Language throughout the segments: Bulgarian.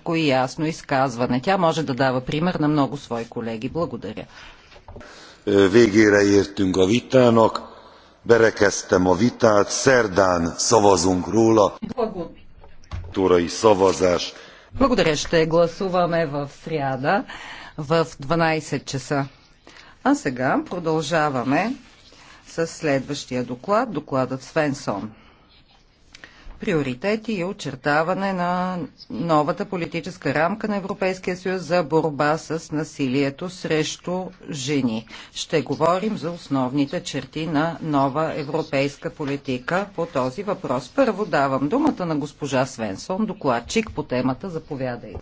кратко и ясно изказване. Тя може да дава пример на много свои колеги. Благодаря. Végére értünk a vitának, berekeztem a vitát, szerdán szavazunk róla. Turai szavazás. Благодаря, ще гласуваме в сряда в 12 часа. А сега продължаваме с следващия доклад, докладът Свенсон приоритети и очертаване на новата политическа рамка на Европейския съюз за борба с насилието срещу жени. Ще говорим за основните черти на нова европейска политика по този въпрос. Първо давам думата на госпожа Свенсон, докладчик по темата. Заповядай.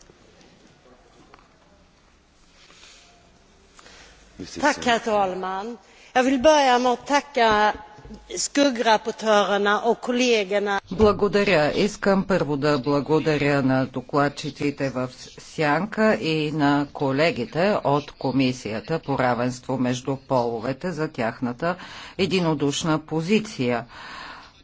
Tack, herr Я vill börja med att tacka благодаря. Искам първо да благодаря на докладчиците в Сянка и на колегите от Комисията по равенство между половете за тяхната единодушна позиция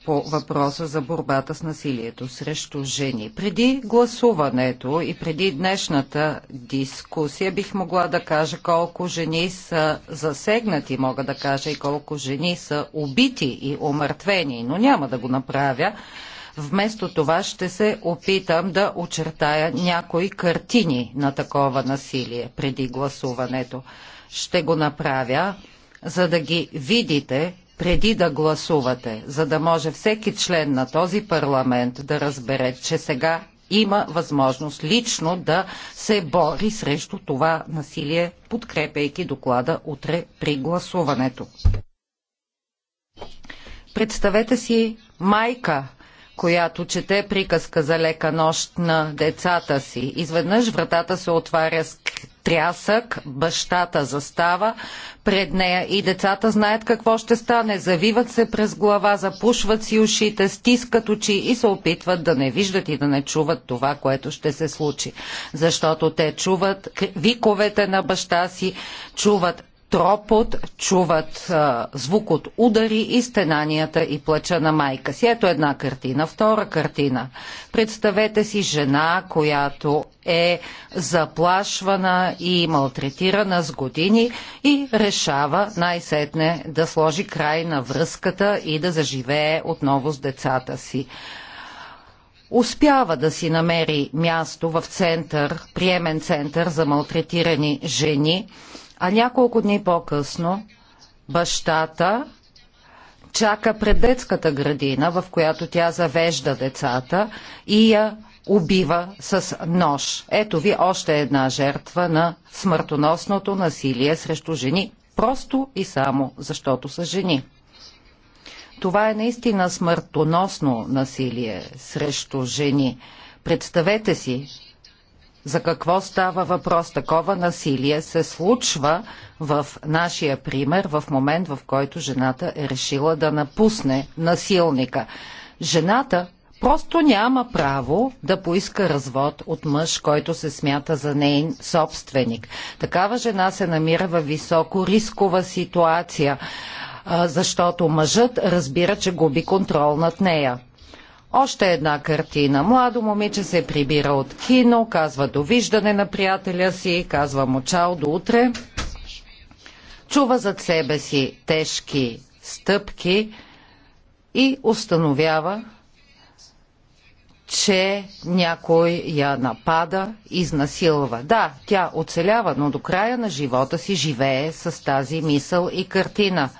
по въпроса за борбата с насилието срещу жени. Преди гласуването и преди днешната дискусия бих могла да кажа колко жени са засегнати, мога да кажа и колко жени са убити и умъртвени, но няма да го направя. Вместо това ще се опитам да очертая някои картини на такова насилие преди гласуването. Ще го направя, за да ги видите преди да гласувате, за да може всеки член на този парламент да разбере, че сега има възможност лично да се бори срещу това насилие, подкрепяйки доклада утре при гласуването. Представете си майка, която чете приказка за лека нощ на децата си. Изведнъж вратата се отваря с трясък, бащата застава пред нея и децата знаят какво ще стане. Завиват се през глава, запушват си ушите, стискат очи и се опитват да не виждат и да не чуват това, което ще се случи. Защото те чуват виковете на баща си, чуват тропот, чуват а, звук от удари и стенанията и плача на майка си. Ето една картина. Втора картина. Представете си жена, която е заплашвана и малтретирана с години и решава най-сетне да сложи край на връзката и да заживее отново с децата си успява да си намери място в център, приемен център за малтретирани жени а няколко дни по-късно бащата чака пред детската градина, в която тя завежда децата и я убива с нож. Ето ви още една жертва на смъртоносното насилие срещу жени, просто и само защото са жени. Това е наистина смъртоносно насилие срещу жени. Представете си за какво става въпрос? Такова насилие се случва в нашия пример в момент, в който жената е решила да напусне насилника. Жената просто няма право да поиска развод от мъж, който се смята за нейн собственик. Такава жена се намира в високо рискова ситуация, защото мъжът разбира, че губи контрол над нея. Още една картина. Младо момиче се прибира от кино, казва довиждане на приятеля си, казва му чао до утре. Чува зад себе си тежки стъпки и установява, че някой я напада, изнасилва. Да, тя оцелява, но до края на живота си живее с тази мисъл и картина –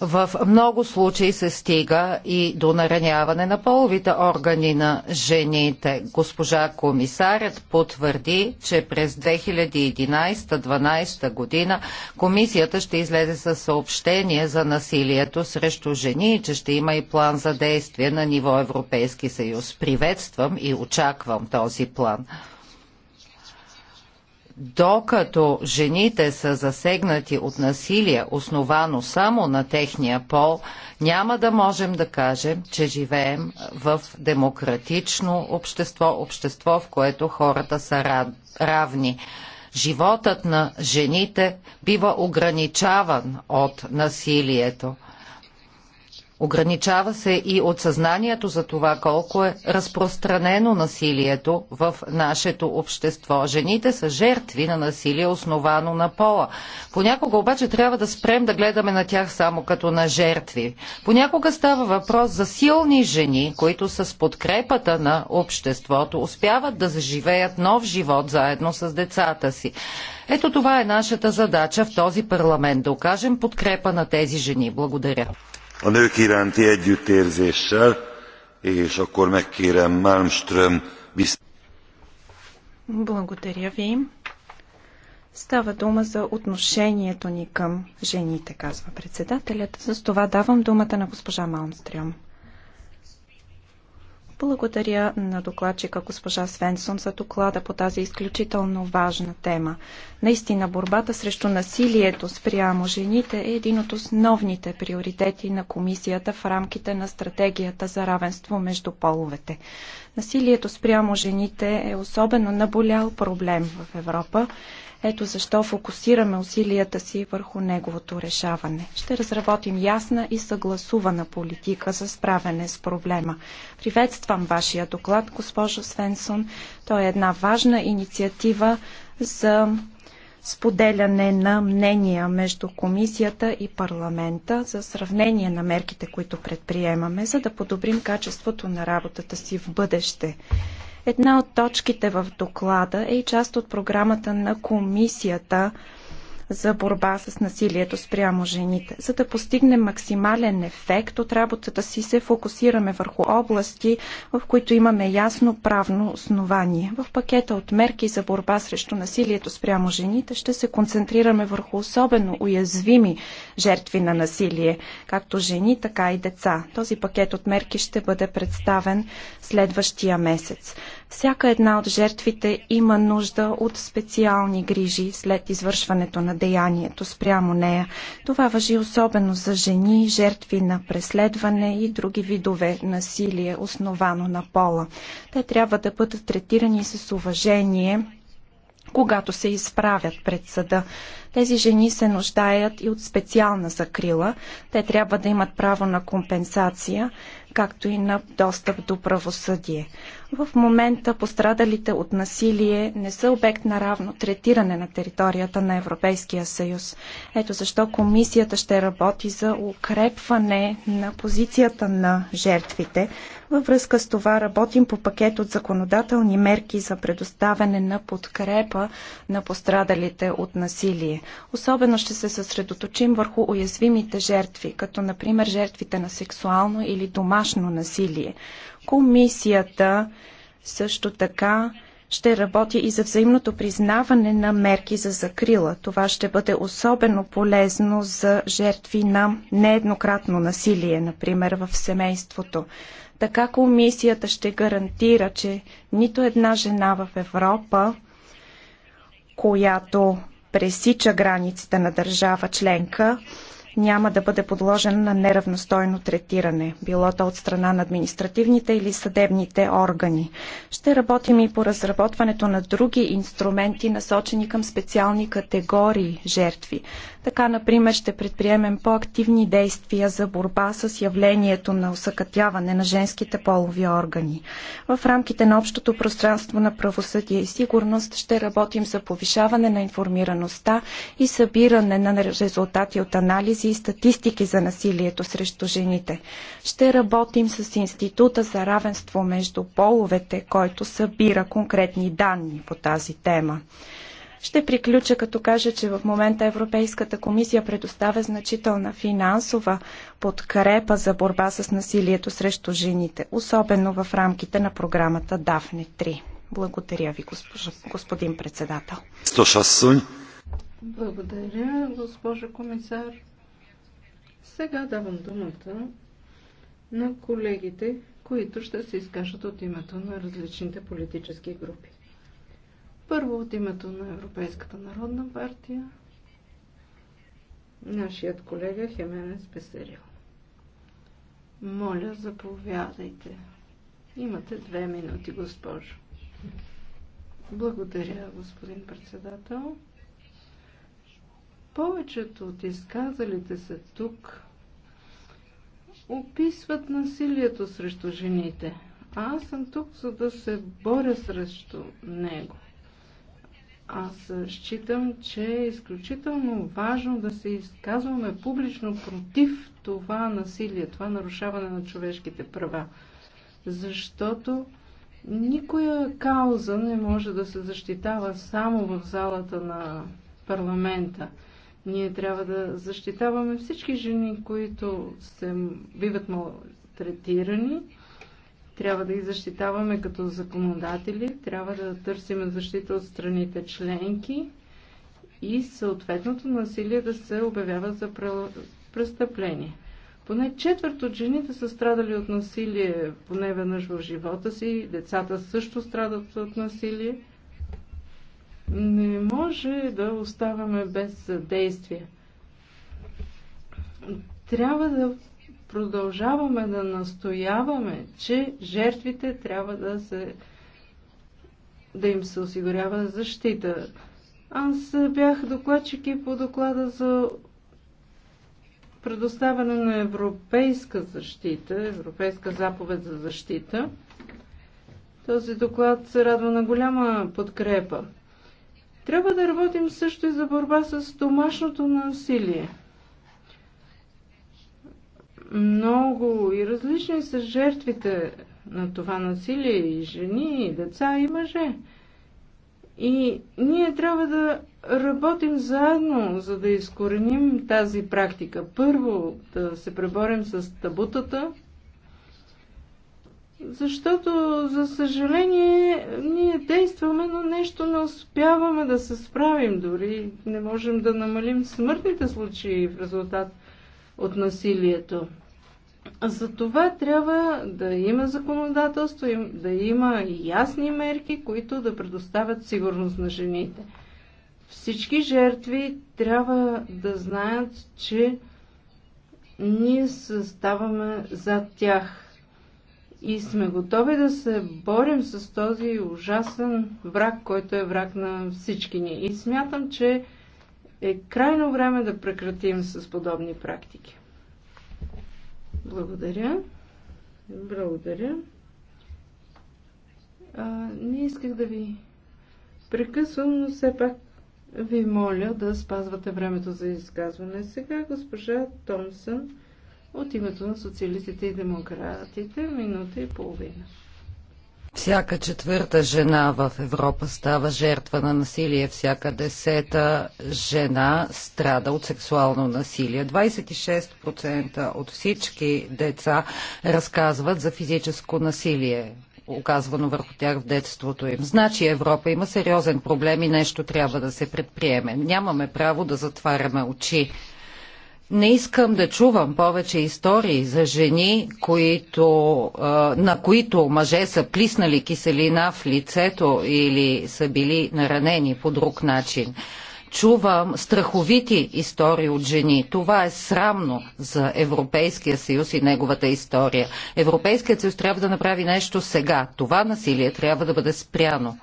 в много случаи се стига и до нараняване на половите органи на жените. Госпожа комисарят потвърди, че през 2011-2012 година комисията ще излезе със съобщение за насилието срещу жени и че ще има и план за действие на ниво Европейски съюз. Приветствам и очаквам този план докато жените са засегнати от насилие, основано само на техния пол, няма да можем да кажем, че живеем в демократично общество, общество, в което хората са равни. Животът на жените бива ограничаван от насилието. Ограничава се и от съзнанието за това колко е разпространено насилието в нашето общество. Жените са жертви на насилие, основано на пола. Понякога обаче трябва да спрем да гледаме на тях само като на жертви. Понякога става въпрос за силни жени, които с подкрепата на обществото успяват да заживеят нов живот заедно с децата си. Ето това е нашата задача в този парламент да окажем подкрепа на тези жени. Благодаря a nők iránti együttérzéssel, és akkor megkérem Malmström Благодаря ви. Става дума за отношението ни към жените, казва председателят. С това давам думата на госпожа Малмстрем. Благодаря на докладчика госпожа Свенсон за доклада по тази изключително важна тема. Наистина, борбата срещу насилието спрямо жените е един от основните приоритети на комисията в рамките на стратегията за равенство между половете. Насилието спрямо жените е особено наболял проблем в Европа ето защо фокусираме усилията си върху неговото решаване. Ще разработим ясна и съгласувана политика за справяне с проблема. Приветствам вашия доклад, госпожо Свенсон. Той е една важна инициатива за споделяне на мнения между комисията и парламента за сравнение на мерките, които предприемаме, за да подобрим качеството на работата си в бъдеще. Една от точките в доклада е и част от програмата на комисията за борба с насилието спрямо жените. За да постигнем максимален ефект от работата си, се фокусираме върху области, в които имаме ясно правно основание. В пакета от мерки за борба срещу насилието спрямо жените ще се концентрираме върху особено уязвими жертви на насилие, както жени, така и деца. Този пакет от мерки ще бъде представен следващия месец. Всяка една от жертвите има нужда от специални грижи след извършването на деянието спрямо нея. Това въжи особено за жени, жертви на преследване и други видове насилие, основано на пола. Те трябва да бъдат третирани с уважение когато се изправят пред съда. Тези жени се нуждаят и от специална закрила. Те трябва да имат право на компенсация, както и на достъп до правосъдие. В момента пострадалите от насилие не са обект на равно третиране на територията на Европейския съюз. Ето защо комисията ще работи за укрепване на позицията на жертвите. Във връзка с това работим по пакет от законодателни мерки за предоставяне на подкрепа на пострадалите от насилие. Особено ще се съсредоточим върху уязвимите жертви, като например жертвите на сексуално или домашно насилие. Комисията също така ще работи и за взаимното признаване на мерки за закрила. Това ще бъде особено полезно за жертви на нееднократно насилие, например в семейството. Така комисията ще гарантира, че нито една жена в Европа, която пресича границите на държава членка, няма да бъде подложен на неравностойно третиране, било то от страна на административните или съдебните органи. Ще работим и по разработването на други инструменти, насочени към специални категории жертви, така, например, ще предприемем по-активни действия за борба с явлението на усъкътяване на женските полови органи. В рамките на общото пространство на правосъдие и сигурност ще работим за повишаване на информираността и събиране на резултати от анализи и статистики за насилието срещу жените. Ще работим с Института за равенство между половете, който събира конкретни данни по тази тема. Ще приключа като кажа, че в момента Европейската комисия предоставя значителна финансова подкрепа за борба с насилието срещу жените, особено в рамките на програмата DAFNE 3. Благодаря ви, госпожа, господин председател. Благодаря, госпожа комисар. Сега давам думата на колегите, които ще се изкажат от името на различните политически групи. Първо от името на Европейската народна партия нашият колега Хеменес Песерил. Моля, заповядайте. Имате две минути, госпожо. Благодаря, господин председател. Повечето от изказалите се тук описват насилието срещу жените. А аз съм тук, за да се боря срещу него. Аз считам, че е изключително важно да се изказваме публично против това насилие, това нарушаване на човешките права. Защото никоя кауза не може да се защитава само в залата на парламента. Ние трябва да защитаваме всички жени, които се, биват малтретирани, трябва да ги защитаваме като законодатели, трябва да търсим защита от страните членки и съответното насилие да се обявява за престъпление. Поне четвърт от жените са страдали от насилие поне веднъж в живота си, децата също страдат от насилие. Не може да оставаме без действия. Трябва да продължаваме да настояваме, че жертвите трябва да се да им се осигурява защита. Аз бях докладчик и по доклада за предоставяне на европейска защита, европейска заповед за защита. Този доклад се радва на голяма подкрепа. Трябва да работим също и за борба с домашното насилие много и различни са жертвите на това насилие и жени, и деца, и мъже. И ние трябва да работим заедно, за да изкореним тази практика. Първо да се преборим с табутата, защото, за съжаление, ние действаме, но нещо не успяваме да се справим. Дори не можем да намалим смъртните случаи в резултат от насилието. За това трябва да има законодателство, да има ясни мерки, които да предоставят сигурност на жените. Всички жертви трябва да знаят, че ние съставаме зад тях и сме готови да се борим с този ужасен враг, който е враг на всички ни. И смятам, че е крайно време да прекратим с подобни практики. Благодаря. Благодаря. А, не исках да ви прекъсвам, но все пак ви моля да спазвате времето за изказване. Сега госпожа Томсън от името на социалистите и демократите минута и половина. Всяка четвърта жена в Европа става жертва на насилие, всяка десета жена страда от сексуално насилие. 26% от всички деца разказват за физическо насилие оказвано върху тях в детството им. Значи Европа има сериозен проблем и нещо трябва да се предприеме. Нямаме право да затваряме очи. Не искам да чувам повече истории за жени, които, на които мъже са плиснали киселина в лицето или са били наранени по друг начин. Чувам страховити истории от жени. Това е срамно за Европейския съюз и неговата история. Европейският съюз трябва да направи нещо сега. Това насилие трябва да бъде спряно.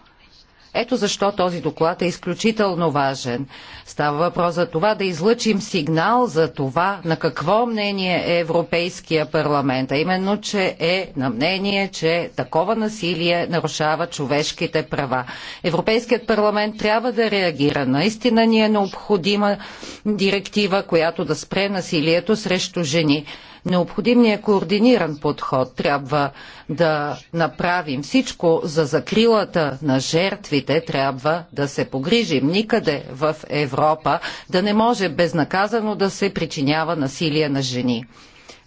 Ето защо този доклад е изключително важен. Става въпрос за това да излъчим сигнал за това на какво мнение е Европейския парламент, а именно, че е на мнение, че такова насилие нарушава човешките права. Европейският парламент трябва да реагира. Наистина ни е необходима директива, която да спре насилието срещу жени. Необходим е координиран подход. Трябва да направим всичко за закрилата на жертвите. Трябва да се погрижим никъде в Европа да не може безнаказано да се причинява насилие на жени.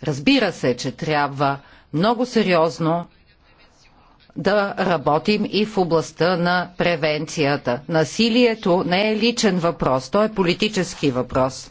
Разбира се, че трябва много сериозно да работим и в областта на превенцията. Насилието не е личен въпрос, то е политически въпрос.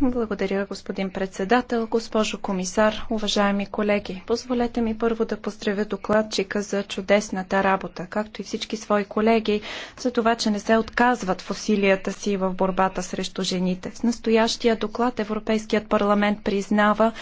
Благодаря, господин председател, госпожо комисар, уважаеми колеги. Позволете ми първо да поздравя докладчика за чудесната работа, както и всички свои колеги, за това, че не се отказват в усилията си в борбата срещу жените. С настоящия доклад Европейският парламент признава,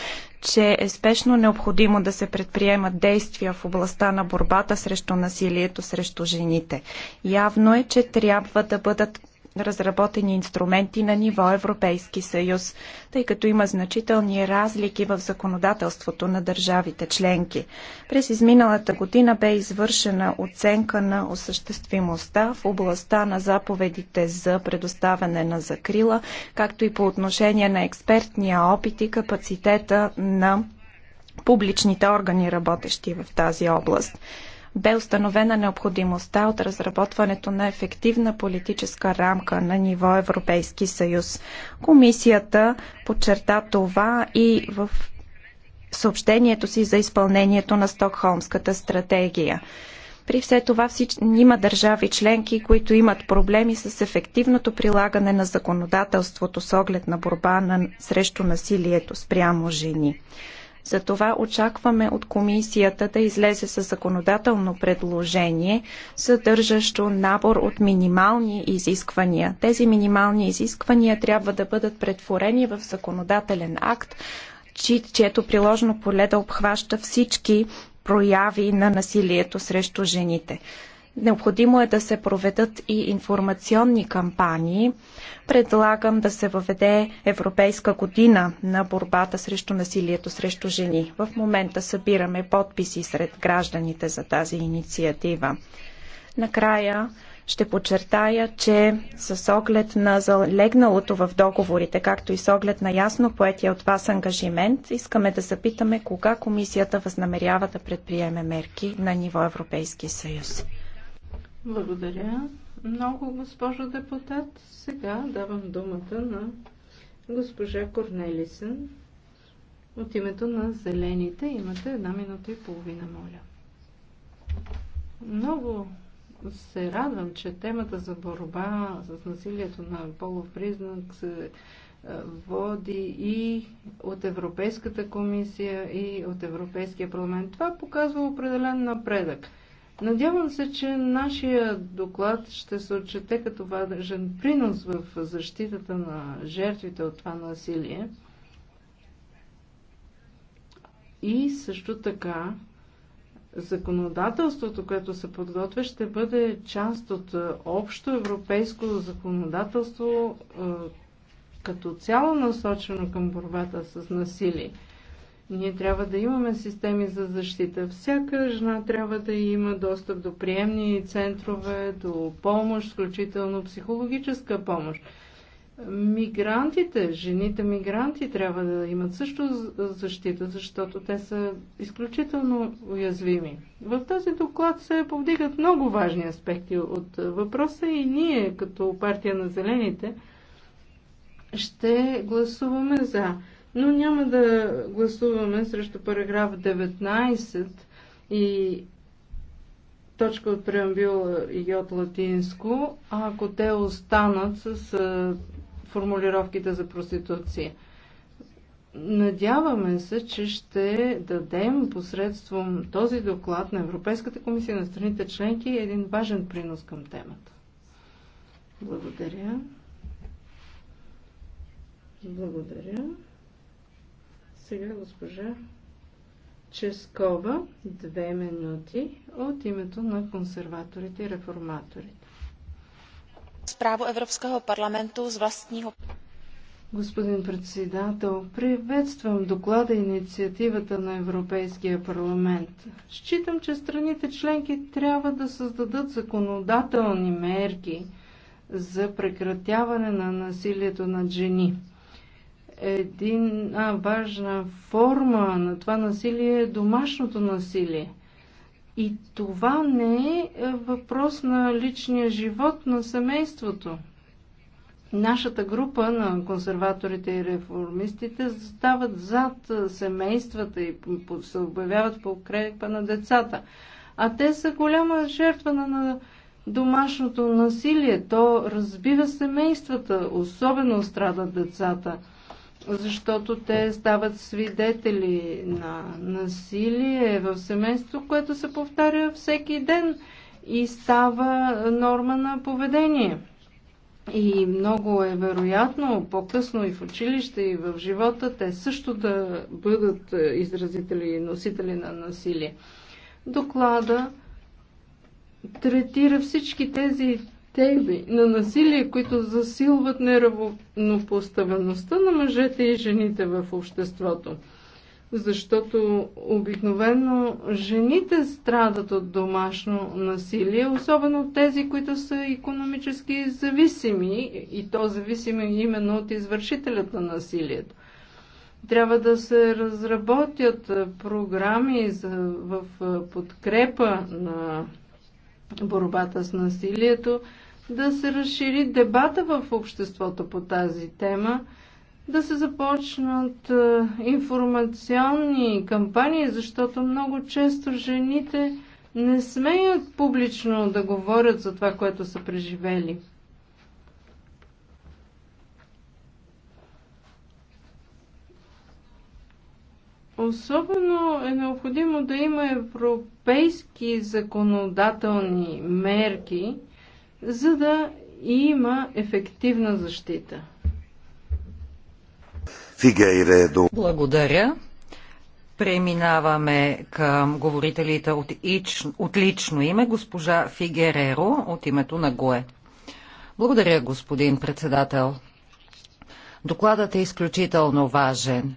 че е спешно необходимо да се предприемат действия в областта на борбата срещу насилието срещу жените. Явно е, че трябва да бъдат разработени инструменти на ниво Европейски съюз, тъй като има значителни разлики в законодателството на държавите членки. През изминалата година бе извършена оценка на осъществимостта в областта на заповедите за предоставяне на закрила, както и по отношение на експертния опит и капацитета на публичните органи, работещи в тази област бе установена необходимостта от разработването на ефективна политическа рамка на ниво Европейски съюз. Комисията подчерта това и в съобщението си за изпълнението на Стокхолмската стратегия. При все това всич... има държави членки, които имат проблеми с ефективното прилагане на законодателството с оглед на борба на... срещу насилието спрямо жени. Затова очакваме от комисията да излезе със законодателно предложение, съдържащо набор от минимални изисквания. Тези минимални изисквания трябва да бъдат претворени в законодателен акт, чи, чието приложно поле да обхваща всички прояви на насилието срещу жените. Необходимо е да се проведат и информационни кампании. Предлагам да се въведе Европейска година на борбата срещу насилието срещу жени. В момента събираме подписи сред гражданите за тази инициатива. Накрая ще подчертая, че с оглед на залегналото в договорите, както и с оглед на ясно поетия от вас ангажимент, искаме да запитаме кога комисията възнамерява да предприеме мерки на ниво Европейски съюз. Благодаря много, госпожо депутат. Сега давам думата на госпожа Корнелисен. От името на зелените имате една минута и половина, моля. Много се радвам, че темата за борба с насилието на полов признак се е, води и от Европейската комисия, и от Европейския парламент. Това показва определен напредък – Надявам се, че нашия доклад ще се отчете като важен принос в защитата на жертвите от това насилие. И също така законодателството, което се подготвя, ще бъде част от е, общо европейско законодателство е, като цяло насочено към борбата с насилие. Ние трябва да имаме системи за защита. Всяка жена трябва да има достъп до приемни центрове, до помощ, включително психологическа помощ. Мигрантите, жените мигранти трябва да имат също защита, защото те са изключително уязвими. В този доклад се повдигат много важни аспекти от въпроса и ние, като партия на зелените, ще гласуваме за но няма да гласуваме срещу параграф 19 и точка от преамбил и от латинско, а ако те останат с формулировките за проституция. Надяваме се, че ще дадем посредством този доклад на Европейската комисия на страните членки един важен принос към темата. Благодаря. Благодаря. Сега госпожа Ческова, две минути от името на консерваторите и реформаторите. Справо Европейского парламенту с властního... Господин председател, приветствам доклада и инициативата на Европейския парламент. Считам, че страните членки трябва да създадат законодателни мерки за прекратяване на насилието над жени. Една важна форма на това насилие е домашното насилие. И това не е, е въпрос на личния живот на семейството. Нашата група на консерваторите и реформистите застават зад е, семействата и се обявяват по крепа на децата. А те са голяма жертва на домашното насилие. То разбива семействата, особено страдат децата – защото те стават свидетели на насилие в семейство, което се повтаря всеки ден и става норма на поведение. И много е вероятно по-късно и в училище, и в живота те също да бъдат е, изразители и носители на насилие. Доклада третира всички тези теми на насилие, които засилват неравнопоставеността на мъжете и жените в обществото. Защото обикновено жените страдат от домашно насилие, особено тези, които са економически зависими и то зависими именно от извършителят на насилието трябва да се разработят програми за, в подкрепа на борбата с насилието, да се разшири дебата в обществото по тази тема, да се започнат е, информационни кампании, защото много често жените не смеят публично да говорят за това, което са преживели. Особено е необходимо да има европейски законодателни мерки, за да има ефективна защита. Благодаря. Преминаваме към говорителите от, ич, от лично име, госпожа Фигереро от името на ГОЕ. Благодаря, господин председател. Докладът е изключително важен.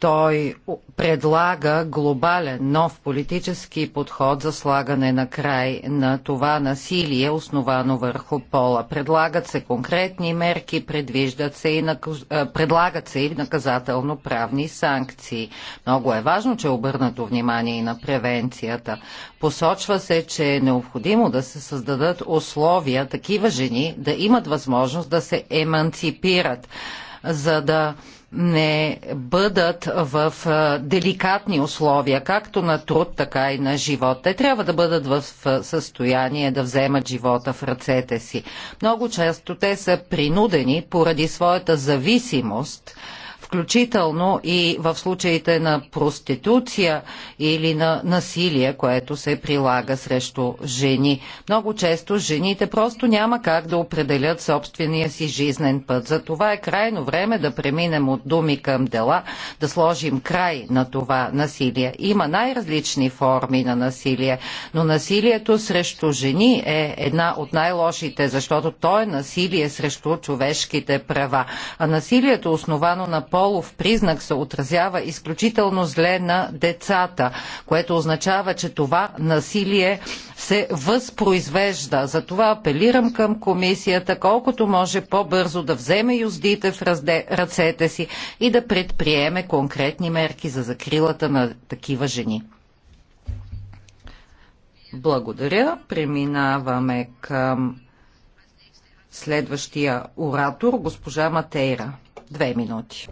Той предлага глобален нов политически подход за слагане на край на това насилие, основано върху пола. Предлагат се конкретни мерки, предвиждат се и наказ... предлагат се и наказателно-правни санкции. Много е важно, че е обърнато внимание и на превенцията. Посочва се, че е необходимо да се създадат условия такива жени да имат възможност да се еманципират, за да не бъдат в деликатни условия, както на труд, така и на живот. Те трябва да бъдат в състояние да вземат живота в ръцете си. Много често те са принудени поради своята зависимост включително и в случаите на проституция или на насилие, което се прилага срещу жени. Много често жените просто няма как да определят собствения си жизнен път. За това е крайно време да преминем от думи към дела, да сложим край на това насилие. Има най-различни форми на насилие, но насилието срещу жени е една от най-лошите, защото то е насилие срещу човешките права. А насилието, основано на пол полов признак се отразява изключително зле на децата, което означава, че това насилие се възпроизвежда. Затова апелирам към комисията колкото може по-бързо да вземе юздите в ръцете си и да предприеме конкретни мерки за закрилата на такива жени. Благодаря. Преминаваме към следващия оратор, госпожа Матейра. Две минути.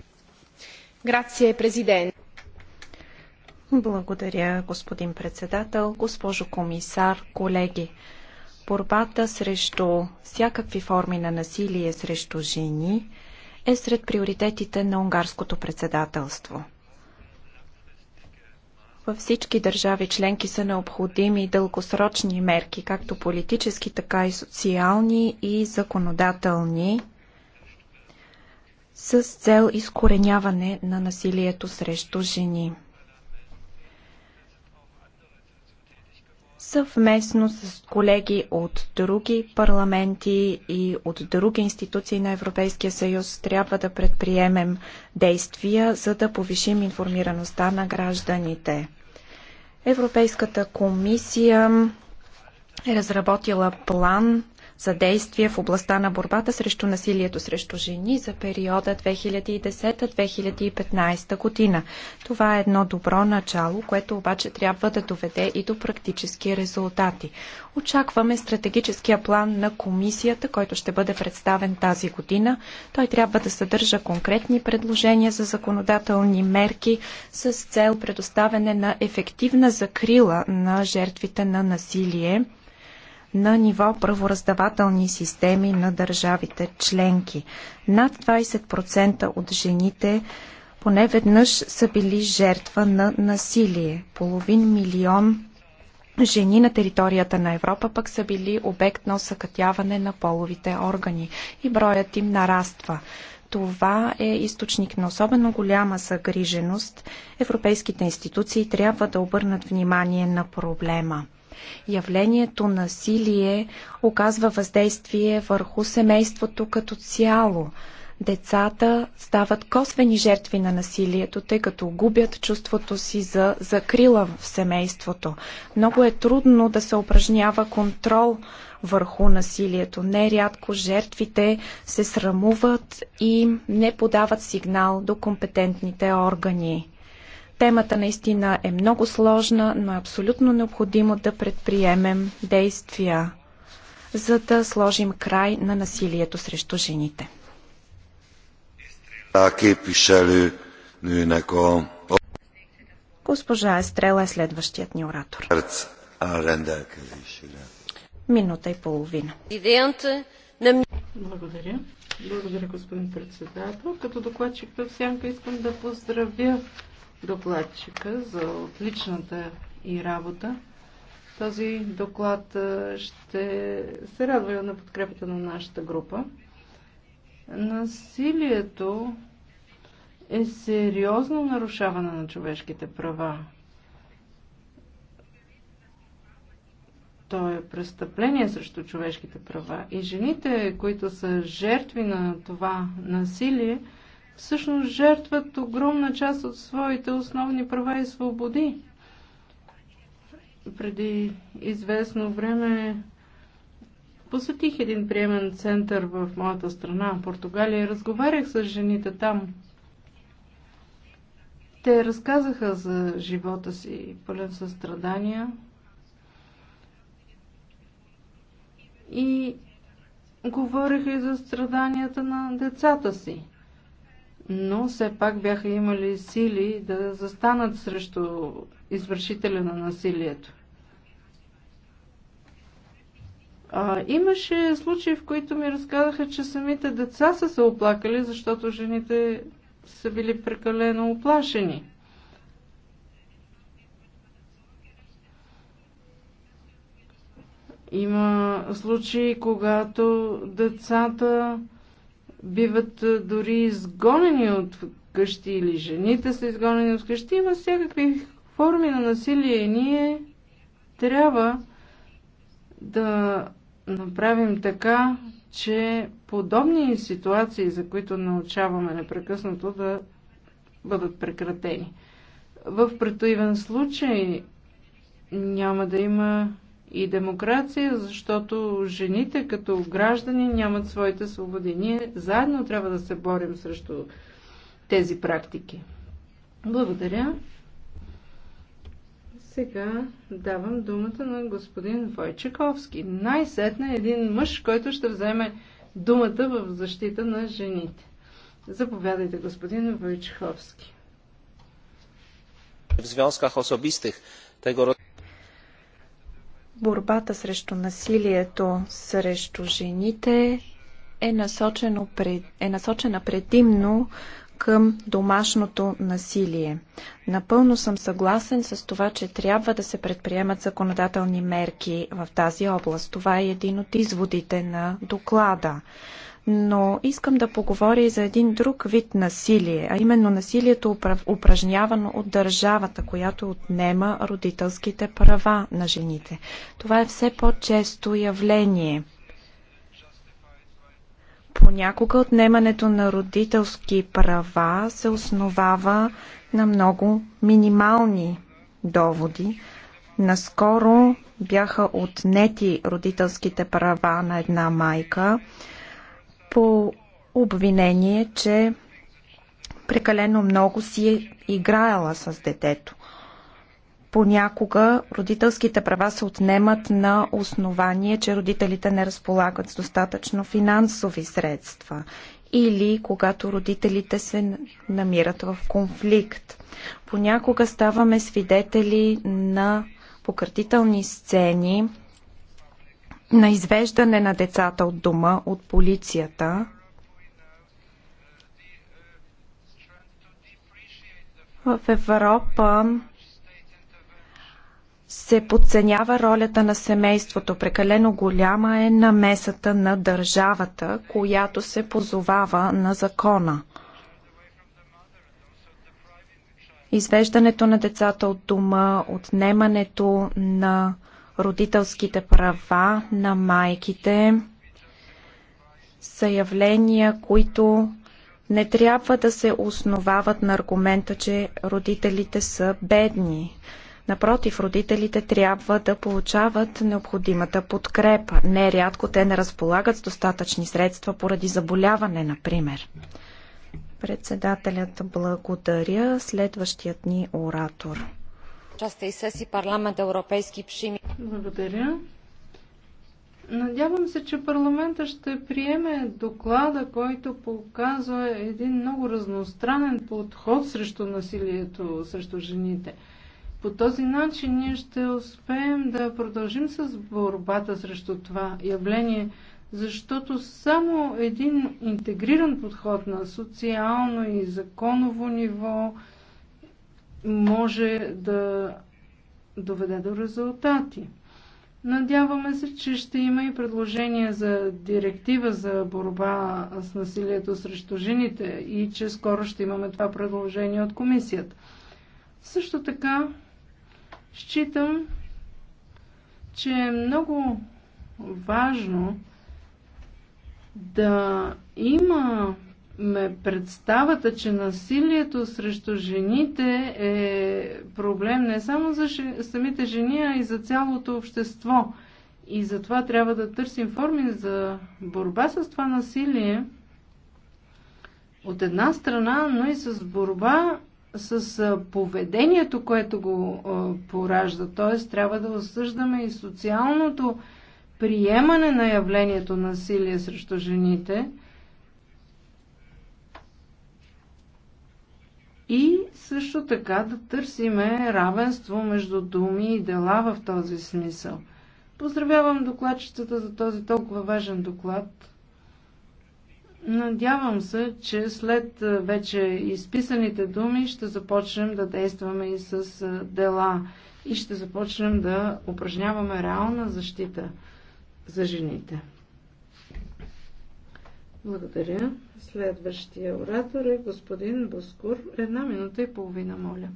Благодаря, господин председател, госпожо комисар, колеги. Борбата срещу всякакви форми на насилие срещу жени е сред приоритетите на унгарското председателство. Във всички държави членки са необходими дългосрочни мерки, както политически, така и социални и законодателни, с цел изкореняване на насилието срещу жени. съвместно с колеги от други парламенти и от други институции на Европейския съюз трябва да предприемем действия, за да повишим информираността на гражданите. Европейската комисия е разработила план за действие в областта на борбата срещу насилието срещу жени за периода 2010-2015 година. Това е едно добро начало, което обаче трябва да доведе и до практически резултати. Очакваме стратегическия план на комисията, който ще бъде представен тази година. Той трябва да съдържа конкретни предложения за законодателни мерки с цел предоставяне на ефективна закрила на жертвите на насилие на ниво правораздавателни системи на държавите членки. Над 20% от жените поне веднъж са били жертва на насилие. Половин милион жени на територията на Европа пък са били обект на съкътяване на половите органи и броят им нараства. Това е източник на особено голяма загриженост. Европейските институции трябва да обърнат внимание на проблема. Явлението насилие оказва въздействие върху семейството като цяло. Децата стават косвени жертви на насилието, тъй като губят чувството си за закрила в семейството. Много е трудно да се упражнява контрол върху насилието. Нерядко жертвите се срамуват и не подават сигнал до компетентните органи. Темата наистина е много сложна, но е абсолютно необходимо да предприемем действия, за да сложим край на насилието срещу жените. Госпожа Естрела е следващият ни оратор. Минута и половина. Благодаря. Благодаря, господин председател. Като докладчик в сянка искам да поздравя докладчика за отличната и работа. Този доклад ще се радва на подкрепата на нашата група. Насилието е сериозно нарушаване на човешките права. То е престъпление срещу човешките права. И жените, които са жертви на това насилие, всъщност жертват огромна част от своите основни права и свободи. Преди известно време посетих един приемен център в моята страна, Португалия, и разговарях с жените там. Те разказаха за живота си, пълен състрадания. И говориха и за страданията на децата си но все пак бяха имали сили да застанат срещу извършителя на насилието. А, имаше случаи, в които ми разказаха, че самите деца са се оплакали, защото жените са били прекалено оплашени. Има случаи, когато децата биват дори изгонени от къщи или жените са изгонени от къщи. Има всякакви форми на насилие и ние трябва да направим така, че подобни ситуации, за които научаваме непрекъснато, да бъдат прекратени. В претоивен случай няма да има и демокрация, защото жените като граждани нямат своите свободи. Ние заедно трябва да се борим срещу тези практики. Благодаря. Сега давам думата на господин Войчаковски. Най-сетне един мъж, който ще вземе думата в защита на жените. Заповядайте, господин Войчаковски. В związkach osobistych tego Борбата срещу насилието срещу жените е, насочено пред, е насочена предимно към домашното насилие. Напълно съм съгласен с това, че трябва да се предприемат законодателни мерки в тази област. Това е един от изводите на доклада но искам да поговоря и за един друг вид насилие, а именно насилието упражнявано от държавата, която отнема родителските права на жените. Това е все по-често явление. Понякога отнемането на родителски права се основава на много минимални доводи. Наскоро бяха отнети родителските права на една майка, по обвинение, че прекалено много си е играела с детето. Понякога родителските права се отнемат на основание, че родителите не разполагат с достатъчно финансови средства или когато родителите се намират в конфликт. Понякога ставаме свидетели на пократителни сцени, на извеждане на децата от дома от полицията. В Европа се подценява ролята на семейството. Прекалено голяма е намесата на държавата, която се позовава на закона. Извеждането на децата от дома, отнемането на родителските права на майките са явления, които не трябва да се основават на аргумента, че родителите са бедни. Напротив, родителите трябва да получават необходимата подкрепа. Нерядко те не разполагат с достатъчни средства поради заболяване, например. Председателят благодаря. Следващият ни оратор podczas tej sesji Parlament Europejski przyjmie. Благодаря. Надявам се, че парламента ще приеме доклада, който показва един много разностранен подход срещу насилието срещу жените. По този начин ние ще успеем да продължим с борбата срещу това явление, защото само един интегриран подход на социално и законово ниво, може да доведе до резултати. Надяваме се, че ще има и предложения за директива за борба с насилието срещу жените и че скоро ще имаме това предложение от комисията. Също така, считам, че е много важно да има ме представата, че насилието срещу жените е проблем не само за самите жени, а и за цялото общество. И затова трябва да търсим форми за борба с това насилие от една страна, но и с борба с поведението, което го поражда. Т.е. трябва да осъждаме и социалното приемане на явлението насилие срещу жените – И също така да търсиме равенство между думи и дела в този смисъл. Поздравявам докладчицата за този толкова важен доклад. Надявам се, че след вече изписаните думи ще започнем да действаме и с дела и ще започнем да упражняваме реална защита за жените. Благодаря. Следващия оратор е господин Боскур. Една минута и половина, моля.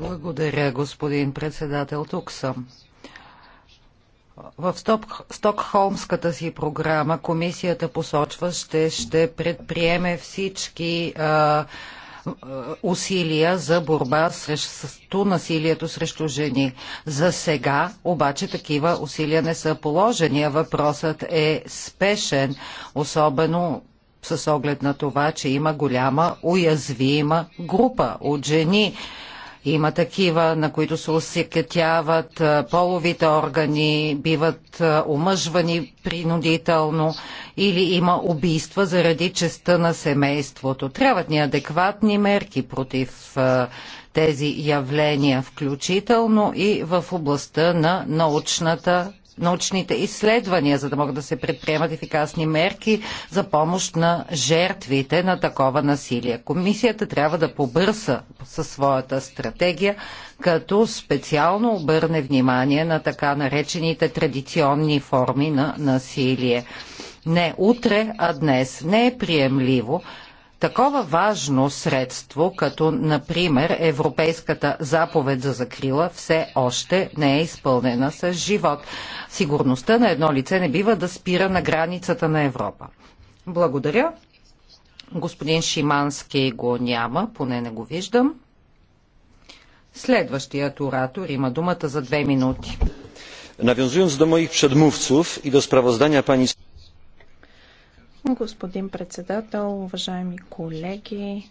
Благодаря, господин председател. Тук съм. В Стокхолмската си програма комисията посочва, ще, ще предприеме всички а, е, усилия за борба срещу насилието срещу жени. За сега обаче такива усилия не са положени. Въпросът е спешен, особено с оглед на това, че има голяма уязвима група от жени, има такива, на които се усекетяват, половите органи, биват омъжвани принудително или има убийства заради честа на семейството. Трябват ни адекватни мерки против тези явления, включително и в областта на научната научните изследвания, за да могат да се предприемат ефикасни мерки за помощ на жертвите на такова насилие. Комисията трябва да побърса със своята стратегия, като специално обърне внимание на така наречените традиционни форми на насилие. Не утре, а днес. Не е приемливо Такова важно средство, като например Европейската заповед за закрила, все още не е изпълнена с живот. Сигурността на едно лице не бива да спира на границата на Европа. Благодаря. Господин Шимански го няма, поне не го виждам. Следващият оратор има думата за две минути. Nawiązując do moich przedmówców i do sprawozdania pani Господин председател, уважаеми колеги,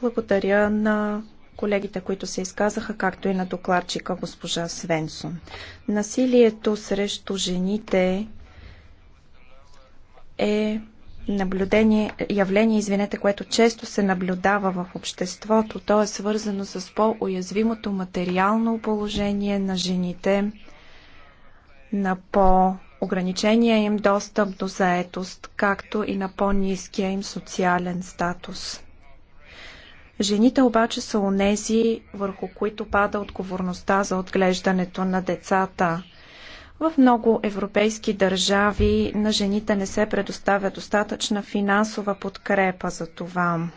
благодаря на колегите, които се изказаха, както и на докладчика госпожа Свенсон. Насилието срещу жените е наблюдение, явление, извинете, което често се наблюдава в обществото. То е свързано с по-уязвимото материално положение на жените, на по- ограничения им достъп до заетост, както и на по-низкия им социален статус. Жените обаче са онези, върху които пада отговорността за отглеждането на децата. В много европейски държави на жените не се предоставя достатъчна финансова подкрепа за това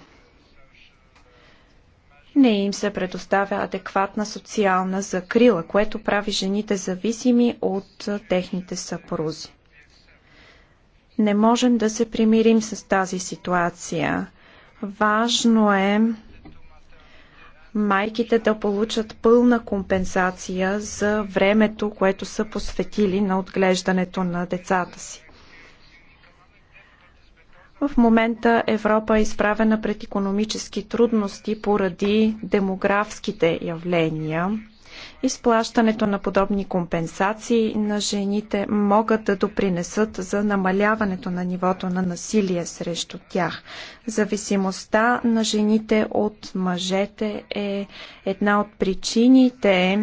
не им се предоставя адекватна социална закрила, което прави жените зависими от техните съпрузи. Не можем да се примирим с тази ситуация. Важно е майките да получат пълна компенсация за времето, което са посветили на отглеждането на децата си. В момента Европа е изправена пред економически трудности поради демографските явления. Изплащането на подобни компенсации на жените могат да допринесат за намаляването на нивото на насилие срещу тях. Зависимостта на жените от мъжете е една от причините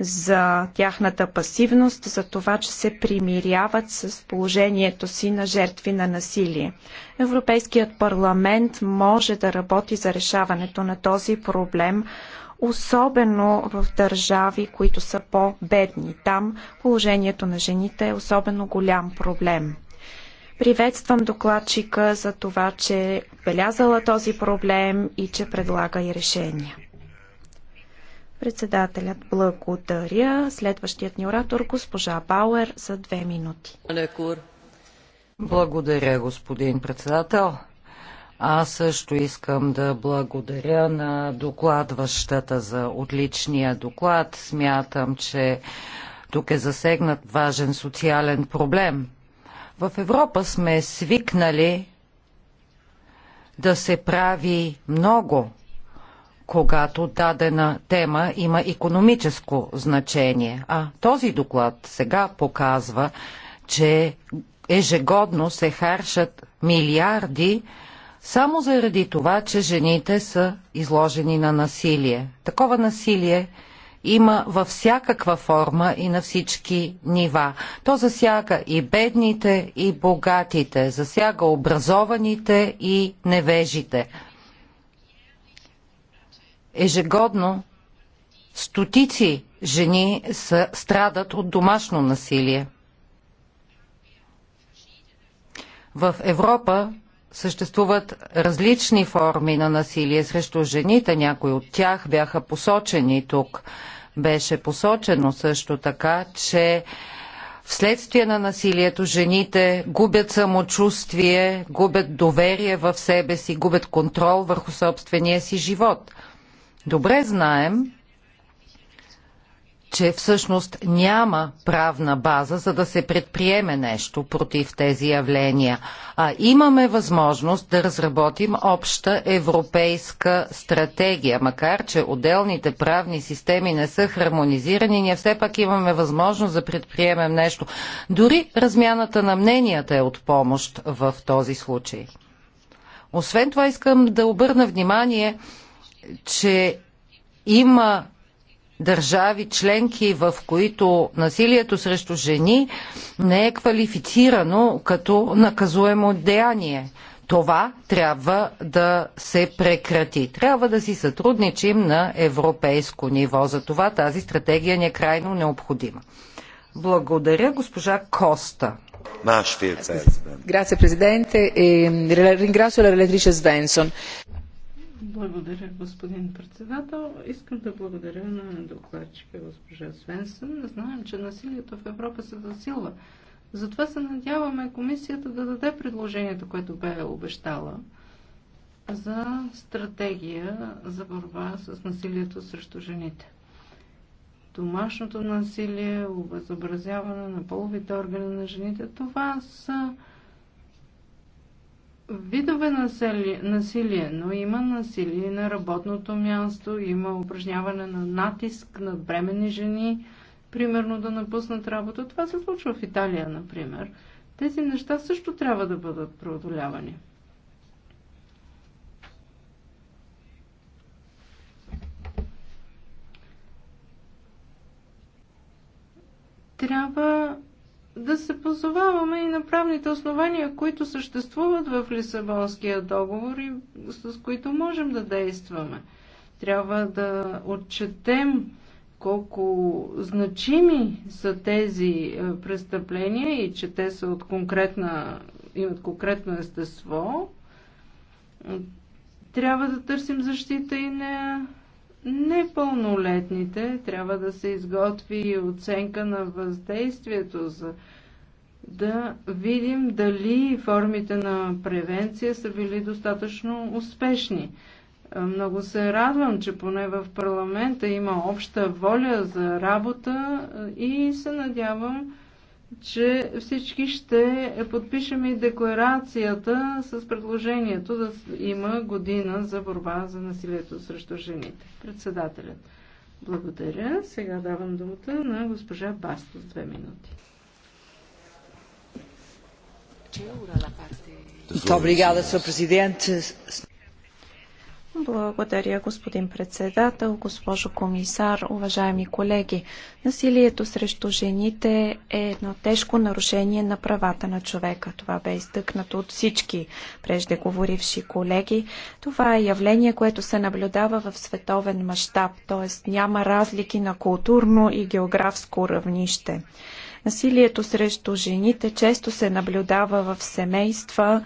за тяхната пасивност, за това, че се примиряват с положението си на жертви на насилие. Европейският парламент може да работи за решаването на този проблем, особено в държави, които са по-бедни. Там положението на жените е особено голям проблем. Приветствам докладчика за това, че е белязала този проблем и че предлага и решения. Председателят благодаря. Следващият ни оратор, госпожа Бауер, за две минути. Благодаря, господин председател. Аз също искам да благодаря на докладващата за отличния доклад. Смятам, че тук е засегнат важен социален проблем. В Европа сме свикнали да се прави много когато дадена тема има економическо значение. А този доклад сега показва, че ежегодно се харшат милиарди само заради това, че жените са изложени на насилие. Такова насилие има във всякаква форма и на всички нива. То засяга и бедните, и богатите, засяга образованите и невежите ежегодно стотици жени са, страдат от домашно насилие. В Европа съществуват различни форми на насилие срещу жените. Някои от тях бяха посочени тук. Беше посочено също така, че вследствие на насилието жените губят самочувствие, губят доверие в себе си, губят контрол върху собствения си живот – Добре знаем, че всъщност няма правна база, за да се предприеме нещо против тези явления. А имаме възможност да разработим обща европейска стратегия. Макар, че отделните правни системи не са хармонизирани, ние все пак имаме възможност да предприемем нещо. Дори размяната на мненията е от помощ в този случай. Освен това искам да обърна внимание, че има държави членки, в които насилието срещу жени не е квалифицирано като наказуемо деяние. Това трябва да се прекрати. Трябва да си сътрудничим на европейско ниво. За това тази стратегия ни е крайно необходима. Благодаря, госпожа Коста. Grazie Presidente, e ringrazio la relatrice Svensson. Благодаря, господин председател. Искам да благодаря на докладчика госпожа Свенсън. Знаем, че насилието в Европа се засилва. Затова се надяваме комисията да даде предложението, което бе обещала за стратегия за борба с насилието срещу жените. Домашното насилие, обезобразяване на половите органи на жените, това са видове насилие, но има насилие на работното място, има упражняване на натиск над бремени жени, примерно да напуснат работа. Това се случва в Италия, например. Тези неща също трябва да бъдат преодолявани. Трябва да се позоваваме и на правните основания, които съществуват в Лисабонския договор и с които можем да действаме. Трябва да отчетем колко значими са тези е, престъпления и че те са от конкретна, имат конкретно естество. Трябва да търсим защита и на непълнолетните. Трябва да се изготви и оценка на въздействието за да видим дали формите на превенция са били достатъчно успешни. Много се радвам, че поне в парламента има обща воля за работа и се надявам, че всички ще подпишем и декларацията с предложението да има година за борба за насилието срещу жените. Председателят. Благодаря. Сега давам думата на госпожа Баста с две минути. Obrigada, Sr. Presidente. Благодаря, господин председател, госпожо комисар, уважаеми колеги. Насилието срещу жените е едно тежко нарушение на правата на човека. Това бе изтъкнато от всички преждеговоривши колеги. Това е явление, което се наблюдава в световен мащаб, т.е. няма разлики на културно и географско равнище. Насилието срещу жените често се наблюдава в семейства,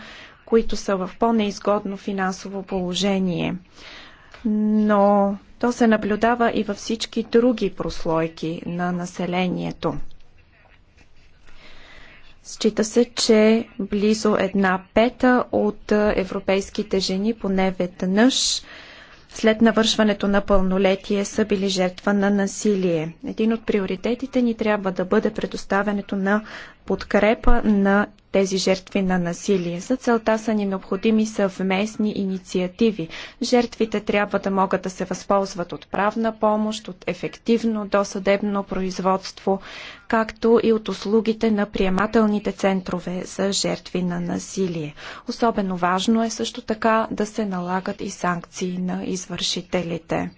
които са в по-неизгодно финансово положение. Но то се наблюдава и във всички други прослойки на населението. Счита се, че близо една пета от европейските жени поне веднъж след навършването на пълнолетие са били жертва на насилие. Един от приоритетите ни трябва да бъде предоставянето на подкрепа на тези жертви на насилие. За целта са ни необходими съвместни инициативи. Жертвите трябва да могат да се възползват от правна помощ, от ефективно досъдебно производство, както и от услугите на приемателните центрове за жертви на насилие. Особено важно е също така да се налагат и санкции на извършителите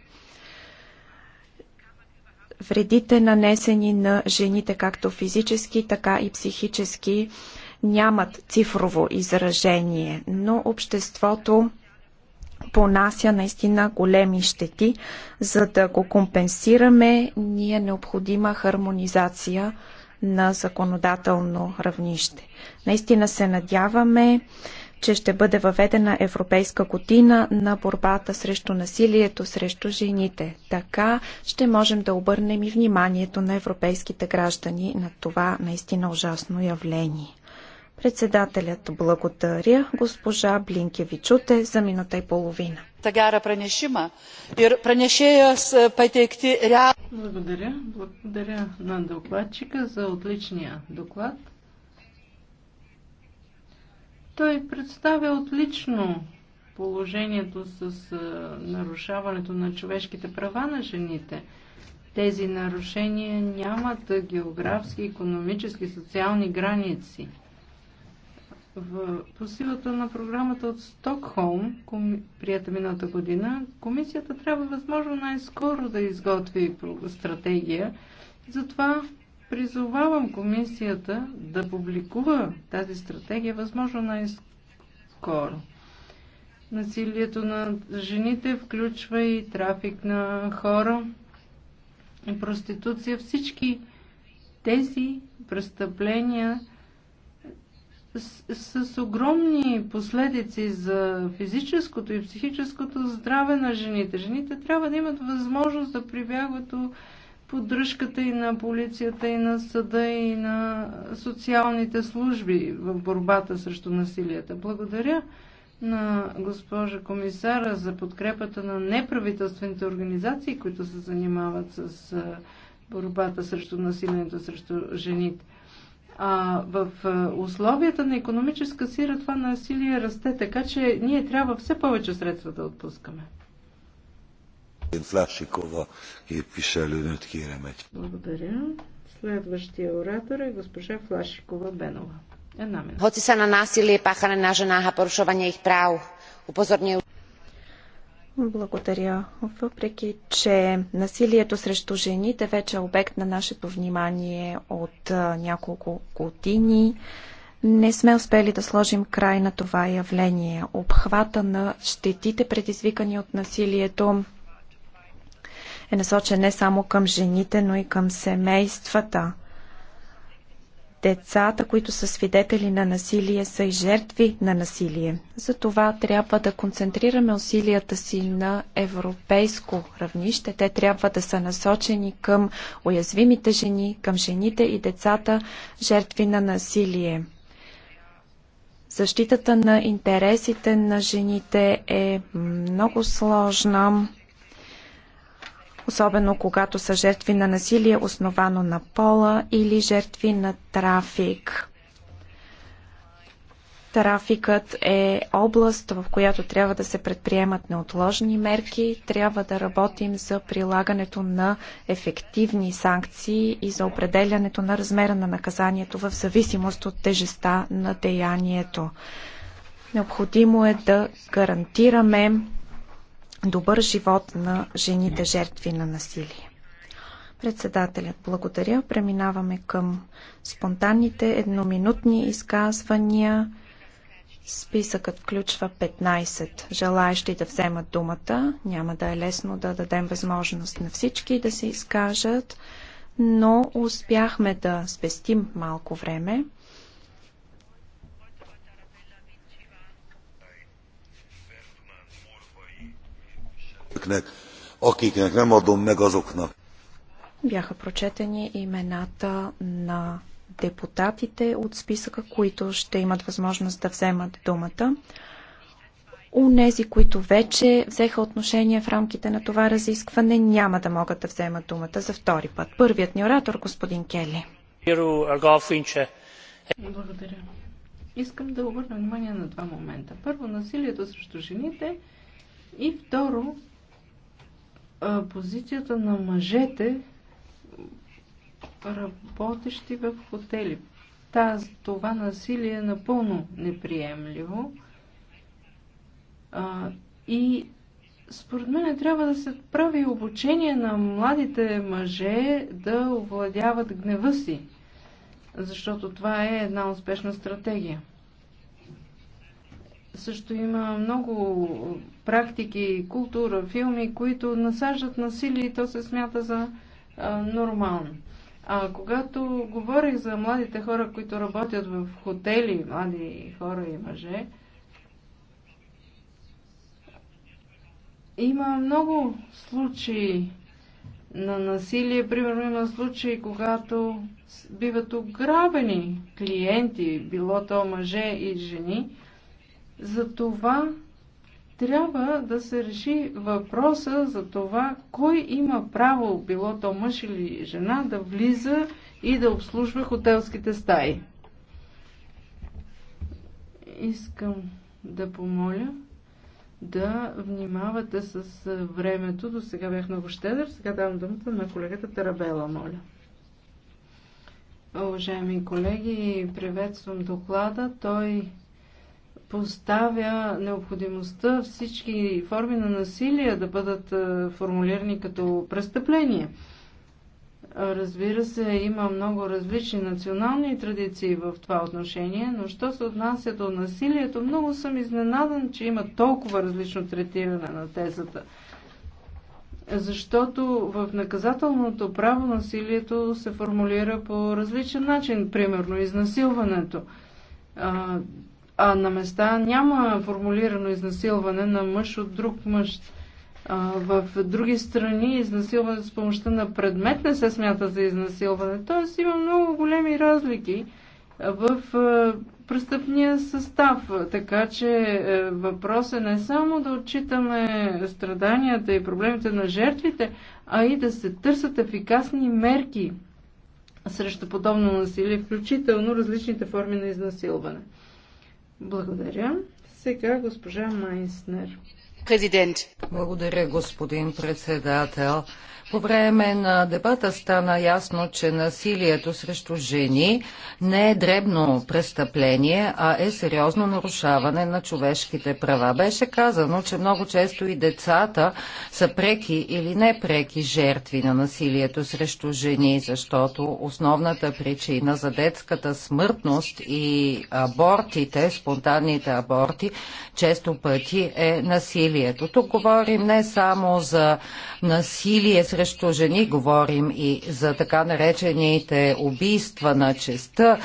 вредите нанесени на жените, както физически, така и психически, нямат цифрово изражение, но обществото понася наистина големи щети. За да го компенсираме, ни е необходима хармонизация на законодателно равнище. Наистина се надяваме, че ще бъде въведена Европейска година на борбата срещу насилието срещу жените. Така ще можем да обърнем и вниманието на европейските граждани на това наистина ужасно явление. Председателят благодаря госпожа Блинкевичуте за минута и половина. Е, благодаря. Благодаря на докладчика за отличния доклад. Той представя отлично положението с е, нарушаването на човешките права на жените. Тези нарушения нямат географски, економически, социални граници – в, по силата на програмата от Стокхолм, прията миналата година, комисията трябва възможно най-скоро да изготви стратегия. Затова призовавам комисията да публикува тази стратегия възможно най-скоро. Насилието на жените включва и трафик на хора, и проституция. Всички тези престъпления – с, с огромни последици за физическото и психическото здраве на жените. Жените трябва да имат възможност да прибягват до поддръжката и на полицията, и на съда, и на социалните служби в борбата срещу насилията. Благодаря на госпожа комисара за подкрепата на неправителствените организации, които се занимават с борбата срещу насилието срещу жените. А в условията на економическа сира това насилие расте, така че ние трябва все повече средства да отпускаме. Благодаря. Следващия оратор е госпожа Флашикова Бенова. Една минута. Хоци са на насилие, пахане на жена, a porušovanie ich práv upozorňujú благодаря. Въпреки, че насилието срещу жените вече е обект на нашето внимание от няколко години, не сме успели да сложим край на това явление. Обхвата на щетите, предизвикани от насилието, е насочен не само към жените, но и към семействата. Децата, които са свидетели на насилие, са и жертви на насилие. Затова трябва да концентрираме усилията си на европейско равнище. Те трябва да са насочени към уязвимите жени, към жените и децата, жертви на насилие. Защитата на интересите на жените е много сложна особено когато са жертви на насилие, основано на пола или жертви на трафик. Трафикът е област, в която трябва да се предприемат неотложни мерки. Трябва да работим за прилагането на ефективни санкции и за определянето на размера на наказанието в зависимост от тежестта на деянието. Необходимо е да гарантираме добър живот на жените жертви на насилие. Председателят, благодаря. Преминаваме към спонтанните едноминутни изказвания. Списъкът включва 15 желаящи да вземат думата. Няма да е лесно да дадем възможност на всички да се изкажат, но успяхме да спестим малко време. képviselőknek, akiknek nem adom meg azoknak. Бяха прочетени имената на депутатите от списъка, които ще имат възможност да вземат думата. нези, които вече взеха отношение в рамките на това разискване, няма да могат да вземат думата за втори път. Първият ни оратор, господин Кели. Благодаря. Искам да обърна внимание на два момента. Първо, насилието срещу жените и второ, позицията на мъжете, работещи в хотели. Таз, това насилие е напълно неприемливо. А, и според мен трябва да се прави обучение на младите мъже да овладяват гнева си, защото това е една успешна стратегия. Също има много практики, култура, филми, които насаждат насилие и то се смята за а, нормално. А когато говорих за младите хора, които работят в хотели, млади хора и мъже, има много случаи на насилие. Примерно има случаи, когато биват ограбени клиенти, било то мъже и жени, за това трябва да се реши въпроса за това, кой има право, било то мъж или жена, да влиза и да обслужва хотелските стаи. Искам да помоля да внимавате с времето. До сега бях много щедър, сега давам думата на колегата Тарабела, моля. Уважаеми колеги, приветствам доклада. Той поставя необходимостта всички форми на насилие да бъдат е, формулирани като престъпление. Разбира се, има много различни национални традиции в това отношение, но що се отнася до насилието, много съм изненадан, че има толкова различно третиране на тезата. Защото в наказателното право насилието се формулира по различен начин, примерно изнасилването а на места няма формулирано изнасилване на мъж от друг мъж. В други страни изнасилването с помощта на предмет не се смята за изнасилване. Тоест има много големи разлики в престъпния състав. Така че е, въпрос е не само да отчитаме страданията и проблемите на жертвите, а и да се търсят ефикасни мерки срещу подобно насилие, включително различните форми на изнасилване. Благодаря. Сега госпожа Майснер. Президент. Благодаря, господин председател. По време на дебата стана ясно, че насилието срещу жени не е дребно престъпление, а е сериозно нарушаване на човешките права. Беше казано, че много често и децата са преки или непреки жертви на насилието срещу жени, защото основната причина за детската смъртност и абортите, спонтанните аборти, често пъти е насилието. Тук говорим не само за насилие срещу срещу жени, говорим и за така наречените убийства на честа,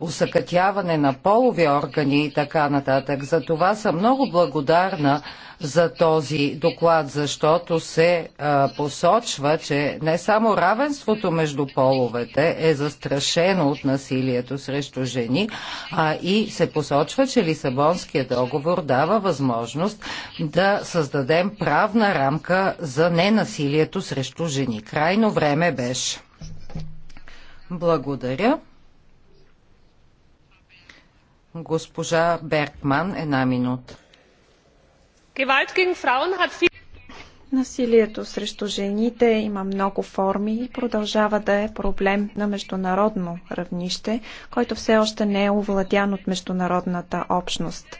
усъкътяване на полови органи и така нататък. За това съм много благодарна за този доклад, защото се а, посочва, че не само равенството между половете е застрашено от насилието срещу жени, а и се посочва, че Лисабонският договор дава възможност да създадем правна рамка за ненасилието срещу жени. Крайно време беше. Благодаря. Госпожа Бергман, една минута. Насилието срещу жените има много форми и продължава да е проблем на международно равнище, който все още не е овладян от международната общност.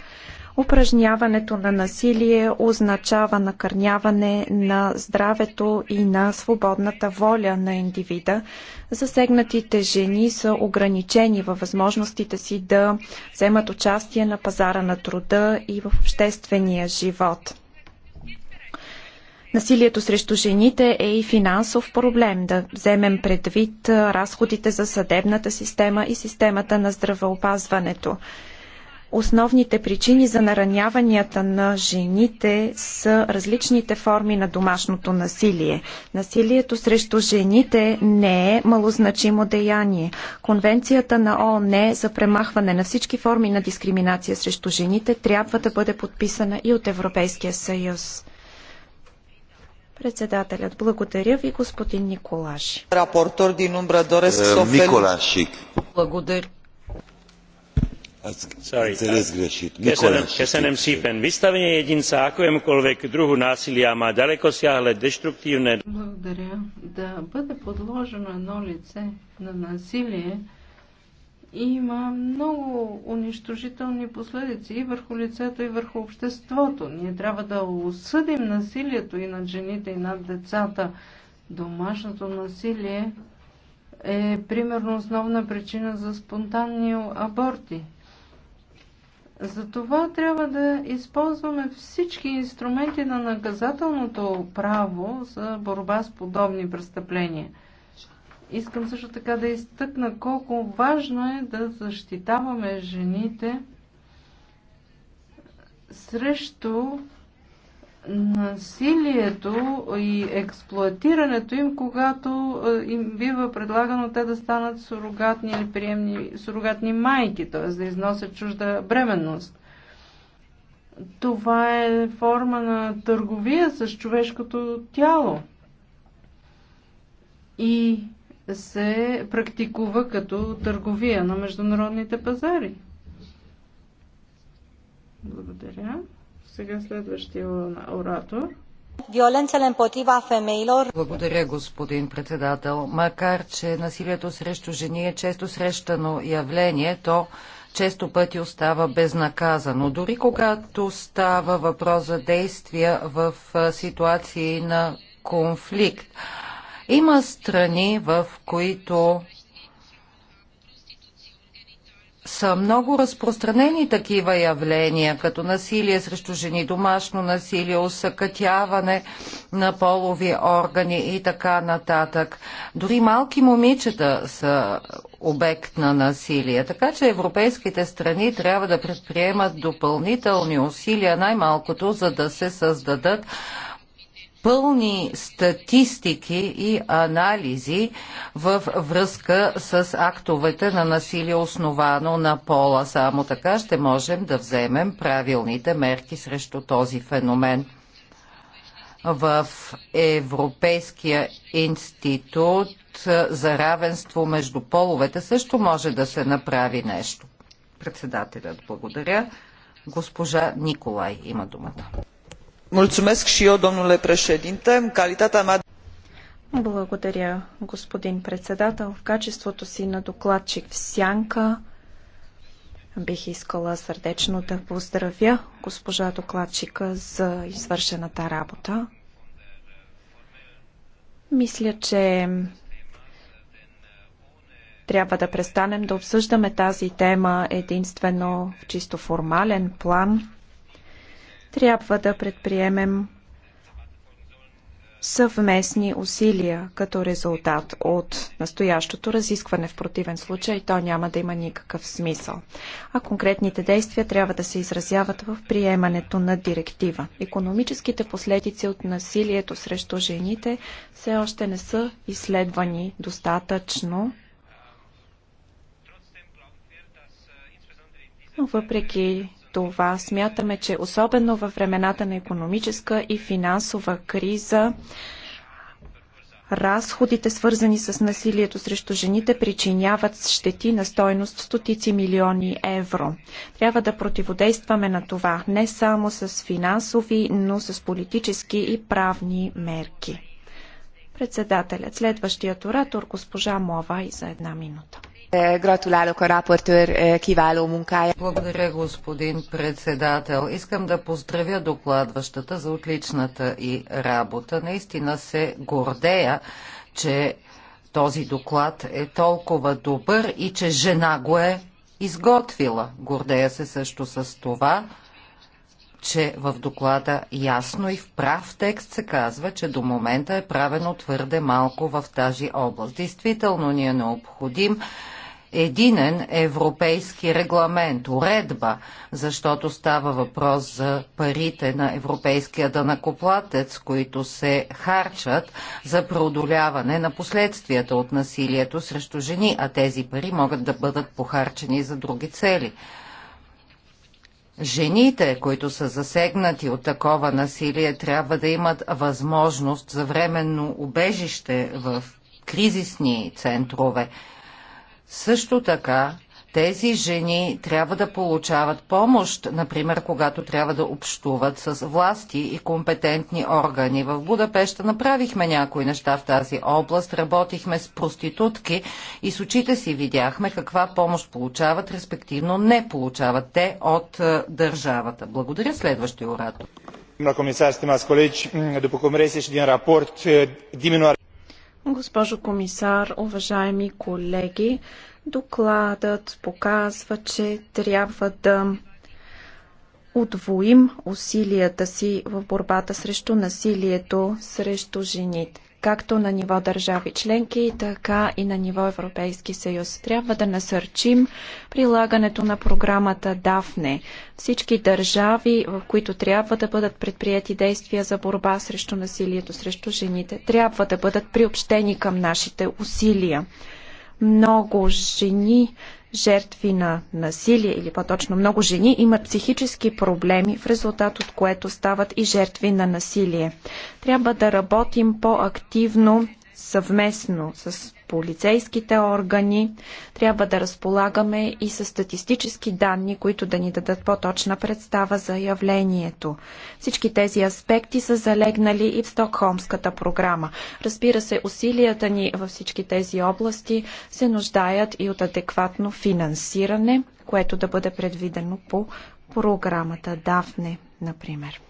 Упражняването на насилие означава накърняване на здравето и на свободната воля на индивида. Засегнатите жени са ограничени във възможностите си да вземат участие на пазара на труда и в обществения живот. Насилието срещу жените е и финансов проблем. Да вземем предвид разходите за съдебната система и системата на здравеопазването. Основните причини за нараняванията на жените са различните форми на домашното насилие. Насилието срещу жените не е малозначимо деяние. Конвенцията на ООН за премахване на всички форми на дискриминация срещу жените трябва да бъде подписана и от Европейския съюз. Председателят, благодаря ви, господин Николаши. Рапортор Динумбра Умбра Дореск е, Благодаря vystavenie jedinca akémukoľvek druhu násilia má ďalekosiahle deštruktívne Благодаря. Да бъде подложено едно лице на насилие има много унищожителни последици и върху лицето, и върху обществото. Ние трябва да осъдим насилието и над жените, и над децата. Домашното насилие е примерно основна причина за спонтанни аборти. Затова трябва да използваме всички инструменти на наказателното право за борба с подобни престъпления. Искам също така да изтъкна колко важно е да защитаваме жените срещу насилието и експлуатирането им, когато е, им бива предлагано те да станат сурогатни или приемни, сурогатни майки, т.е. да износят чужда бременност. Това е форма на търговия с човешкото тяло и се практикува като търговия на международните пазари. Благодаря. Сега следващия оратор. Violențele împotriva femeilor. Благодаря, господин председател. Макар, че насилието срещу жени е често срещано явление, то често пъти остава безнаказано. Дори когато става въпрос за действия в ситуации на конфликт. Има страни, в които са много разпространени такива явления, като насилие срещу жени, домашно насилие, усъкътяване на полови органи и така нататък. Дори малки момичета са обект на насилие. Така че европейските страни трябва да предприемат допълнителни усилия, най-малкото, за да се създадат пълни статистики и анализи в връзка с актовете на насилие основано на пола. Само така ще можем да вземем правилните мерки срещу този феномен. В Европейския институт за равенство между половете също може да се направи нещо. Председателят благодаря. Госпожа Николай има думата благодаря, господин председател. В качеството си на докладчик в Сянка бих искала сърдечно да поздравя госпожа докладчика за извършената работа. Мисля, че трябва да престанем да обсъждаме тази тема единствено в чисто формален план трябва да предприемем съвместни усилия като резултат от настоящото разискване. В противен случай то няма да има никакъв смисъл. А конкретните действия трябва да се изразяват в приемането на директива. Економическите последици от насилието срещу жените все още не са изследвани достатъчно. Но въпреки това смятаме, че особено във времената на економическа и финансова криза, разходите, свързани с насилието срещу жените, причиняват щети на стойност стотици милиони евро. Трябва да противодействаме на това не само с финансови, но с политически и правни мерки. Председателят, следващият оратор, госпожа Мова и за една минута. Gratulálok a raportőr kiváló munkája. Благодаря, господин председател. Искам да поздравя докладващата за отличната и работа. Наистина се гордея, че този доклад е толкова добър и че жена го е изготвила. Гордея се също с това, че в доклада ясно и в прав текст се казва, че до момента е правено твърде малко в тази област. Действително ни е необходим единен европейски регламент, уредба, защото става въпрос за парите на европейския данакоплатец, които се харчат за преодоляване на последствията от насилието срещу жени, а тези пари могат да бъдат похарчени за други цели. Жените, които са засегнати от такова насилие, трябва да имат възможност за временно убежище в кризисни центрове. Също така, тези жени трябва да получават помощ, например, когато трябва да общуват с власти и компетентни органи. В Будапеща направихме някои неща в тази област, работихме с проститутки и с очите си видяхме каква помощ получават, респективно не получават те от е, държавата. Благодаря следващия оратор. Госпожо комисар, уважаеми колеги, докладът показва, че трябва да удвоим усилията си в борбата срещу насилието срещу жените както на ниво държави членки, така и на ниво Европейски съюз. Трябва да насърчим прилагането на програмата ДАФНЕ. Всички държави, в които трябва да бъдат предприяти действия за борба срещу насилието срещу жените, трябва да бъдат приобщени към нашите усилия. Много жени жертви на насилие или по-точно много жени имат психически проблеми, в резултат от което стават и жертви на насилие. Трябва да работим по-активно съвместно с полицейските органи. Трябва да разполагаме и с статистически данни, които да ни дадат по-точна представа за явлението. Всички тези аспекти са залегнали и в Стокхолмската програма. Разбира се, усилията ни във всички тези области се нуждаят и от адекватно финансиране, което да бъде предвидено по програмата Дафне, например.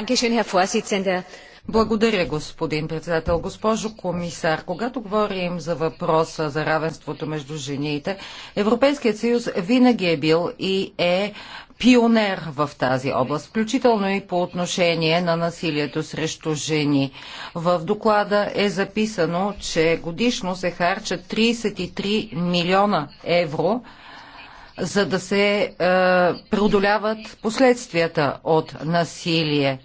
Dankeschön, Herr Vorsitzender. Благодаря, господин председател. Госпожо комисар, когато говорим за въпроса за равенството между жените, Европейският съюз винаги е бил и е пионер в тази област, включително и по отношение на насилието срещу жени. В доклада е записано, че годишно се харчат 33 милиона евро за да се е, преодоляват последствията от насилие.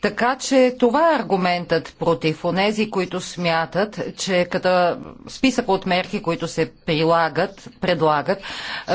Така че това е аргументът против онези, които смятат, че като списък от мерки, които се прилагат, предлагат,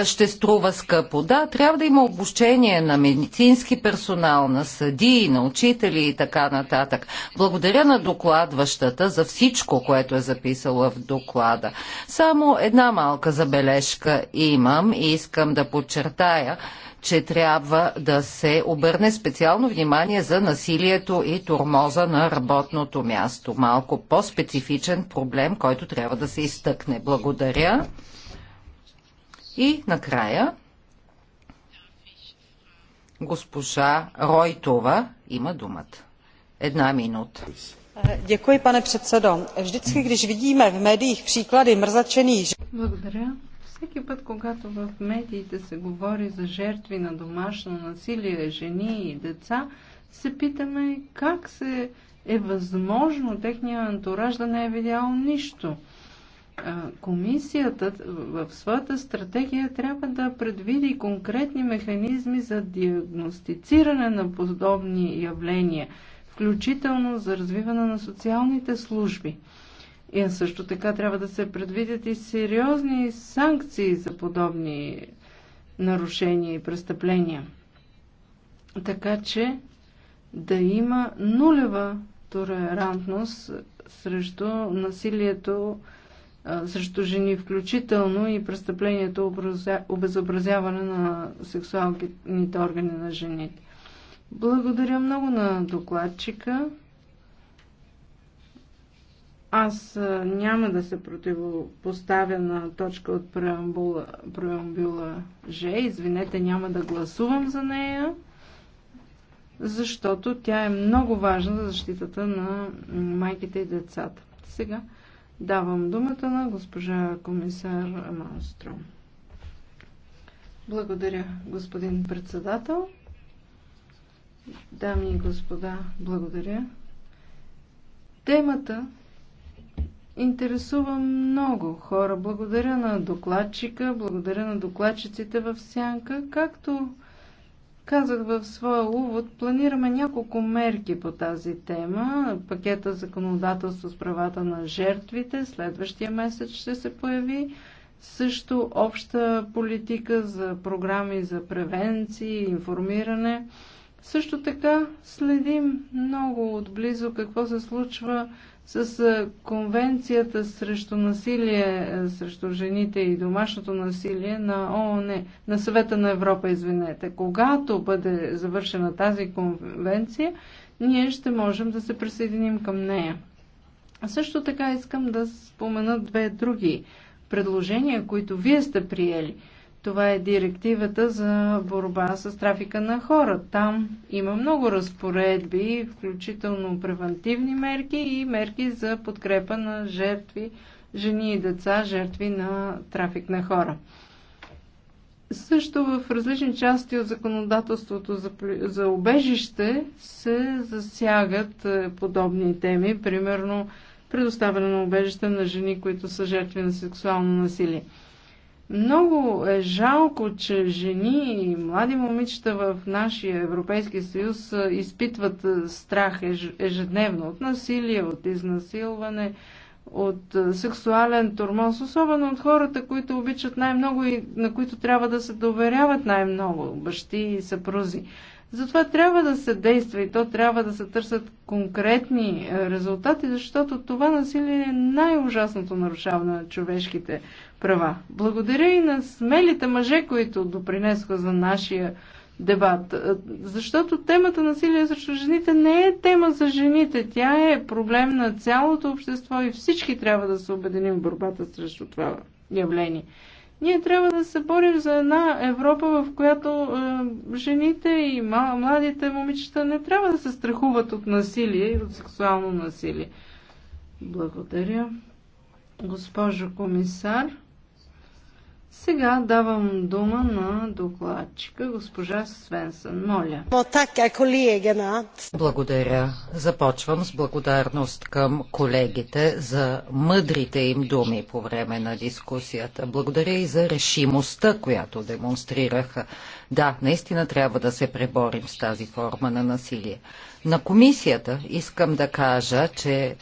ще струва скъпо. Да, трябва да има обучение на медицински персонал, на съдии, на учители и така нататък. Благодаря на докладващата за всичко, което е записала в доклада. Само една малка забележка имам и искам да подчертая, че трябва да се обърне специално внимание за насилието и турмоза на работното място. Малко по-специфичен проблем, който трябва да се изтъкне. Благодаря. И накрая госпожа Ройтова има думата. Една минута. Děkuji, pane předsedo. Vždycky, když vidíme v médiích příklady mrzačených... Благодаря. Всеки път, когато в медиите се говори за жертви на домашно насилие, жени и деца, се питаме как се е възможно техния антураж да не е видял нищо. Комисията в своята стратегия трябва да предвиди конкретни механизми за диагностициране на подобни явления, включително за развиване на социалните служби – и също така трябва да се предвидят и сериозни санкции за подобни нарушения и престъпления. Така че да има нулева толерантност срещу насилието срещу жени, включително и престъплението обезобразяване на сексуалните органи на жените. Благодаря много на докладчика. Аз няма да се противопоставя на точка от преамбула, преамбула Ж. Извинете, няма да гласувам за нея, защото тя е много важна за защитата на майките и децата. Сега давам думата на госпожа комисар Малстром. Благодаря, господин председател. Дами и господа, благодаря. Темата интересува много хора. Благодаря на докладчика, благодаря на докладчиците в Сянка, както Казах в своя увод, планираме няколко мерки по тази тема. Пакета законодателство с правата на жертвите следващия месец ще се появи. Също обща политика за програми за превенции, информиране. Също така следим много отблизо какво се случва с конвенцията срещу насилие е, срещу жените и домашното насилие на ООН, на съвета на Европа, извинете, когато бъде завършена тази конвенция, ние ще можем да се присъединим към нея. А също така искам да спомена две други предложения, които вие сте приели – това е директивата за борба с трафика на хора. Там има много разпоредби, включително превентивни мерки и мерки за подкрепа на жертви, жени и деца, жертви на трафик на хора. Също в различни части от законодателството за, за обежище се засягат е, подобни теми, примерно предоставяне на обежище на жени, които са жертви на сексуално насилие. Много е жалко, че жени и млади момичета в нашия Европейски съюз изпитват страх ежедневно от насилие, от изнасилване, от сексуален тормоз, особено от хората, които обичат най-много и на които трябва да се доверяват най-много бащи и съпрузи. Затова трябва да се действа и то трябва да се търсят конкретни е, резултати, защото това насилие е най-ужасното нарушаване на човешките права. Благодаря и на смелите мъже, които допринесоха за нашия дебат. Е, защото темата насилие срещу жените не е тема за жените. Тя е проблем на цялото общество и всички трябва да се обединим в борбата срещу това явление. Ние трябва да се борим за една Европа, в която е, жените и младите момичета не трябва да се страхуват от насилие и от сексуално насилие. Благодаря. Госпожо комисар. Сега давам дума на докладчика госпожа Свенсън. Моля. Благодаря. Започвам с благодарност към колегите за мъдрите им думи по време на дискусията. Благодаря и за решимостта, която демонстрираха. Да, наистина трябва да се преборим с тази форма на насилие. На комисията искам да кажа, че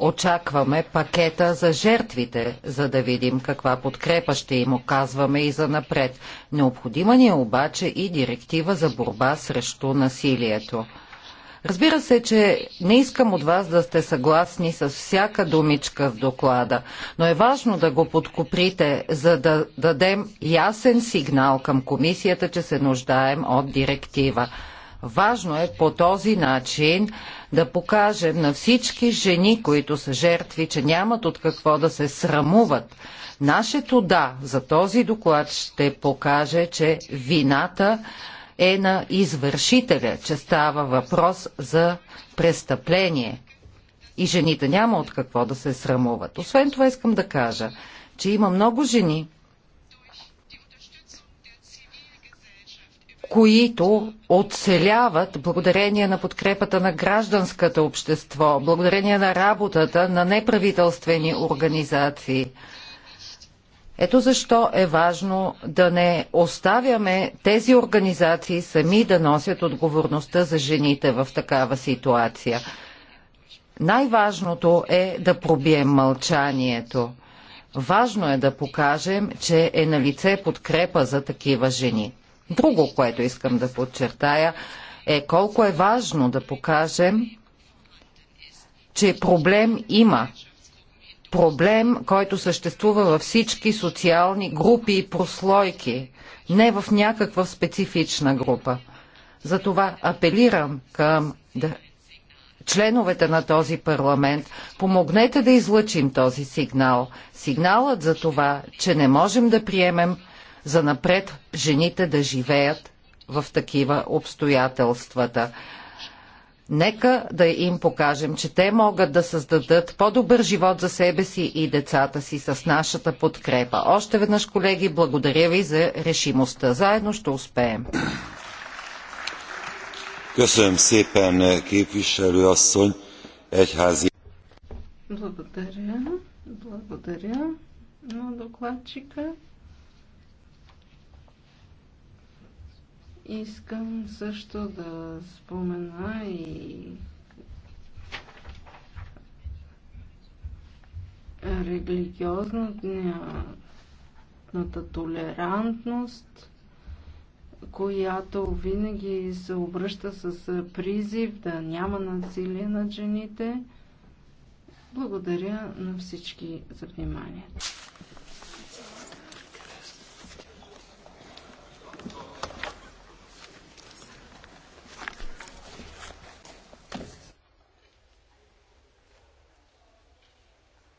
Очакваме пакета за жертвите, за да видим каква подкрепа ще им оказваме и за напред. Необходима ни е обаче и директива за борба срещу насилието. Разбира се, че не искам от вас да сте съгласни с всяка думичка в доклада, но е важно да го подкоприте, за да дадем ясен сигнал към комисията, че се нуждаем от директива. Важно е по този начин да покажем на всички жени, които са жертви, че нямат от какво да се срамуват. Нашето да за този доклад ще покаже, че вината е на извършителя, че става въпрос за престъпление. И жените няма от какво да се срамуват. Освен това искам да кажа, че има много жени, които оцеляват благодарение на подкрепата на гражданското общество, благодарение на работата на неправителствени организации. Ето защо е важно да не оставяме тези организации сами да носят отговорността за жените в такава ситуация. Най-важното е да пробием мълчанието. Важно е да покажем, че е на лице подкрепа за такива жени. Друго, което искам да подчертая, е колко е важно да покажем, че проблем има. Проблем, който съществува във всички социални групи и прослойки, не в някаква специфична група. Затова апелирам към да, членовете на този парламент, помогнете да излъчим този сигнал. Сигналът за това, че не можем да приемем за напред жените да живеят в такива обстоятелствата. Нека да им покажем, че те могат да създадат по-добър живот за себе си и децата си с нашата подкрепа. Още веднъж, колеги, благодаря ви за решимостта. Заедно ще успеем. Благодаря. Благодаря но докладчика. Искам също да спомена и религиозната толерантност, която винаги се обръща с призив да няма насилие над жените. Благодаря на всички за вниманието.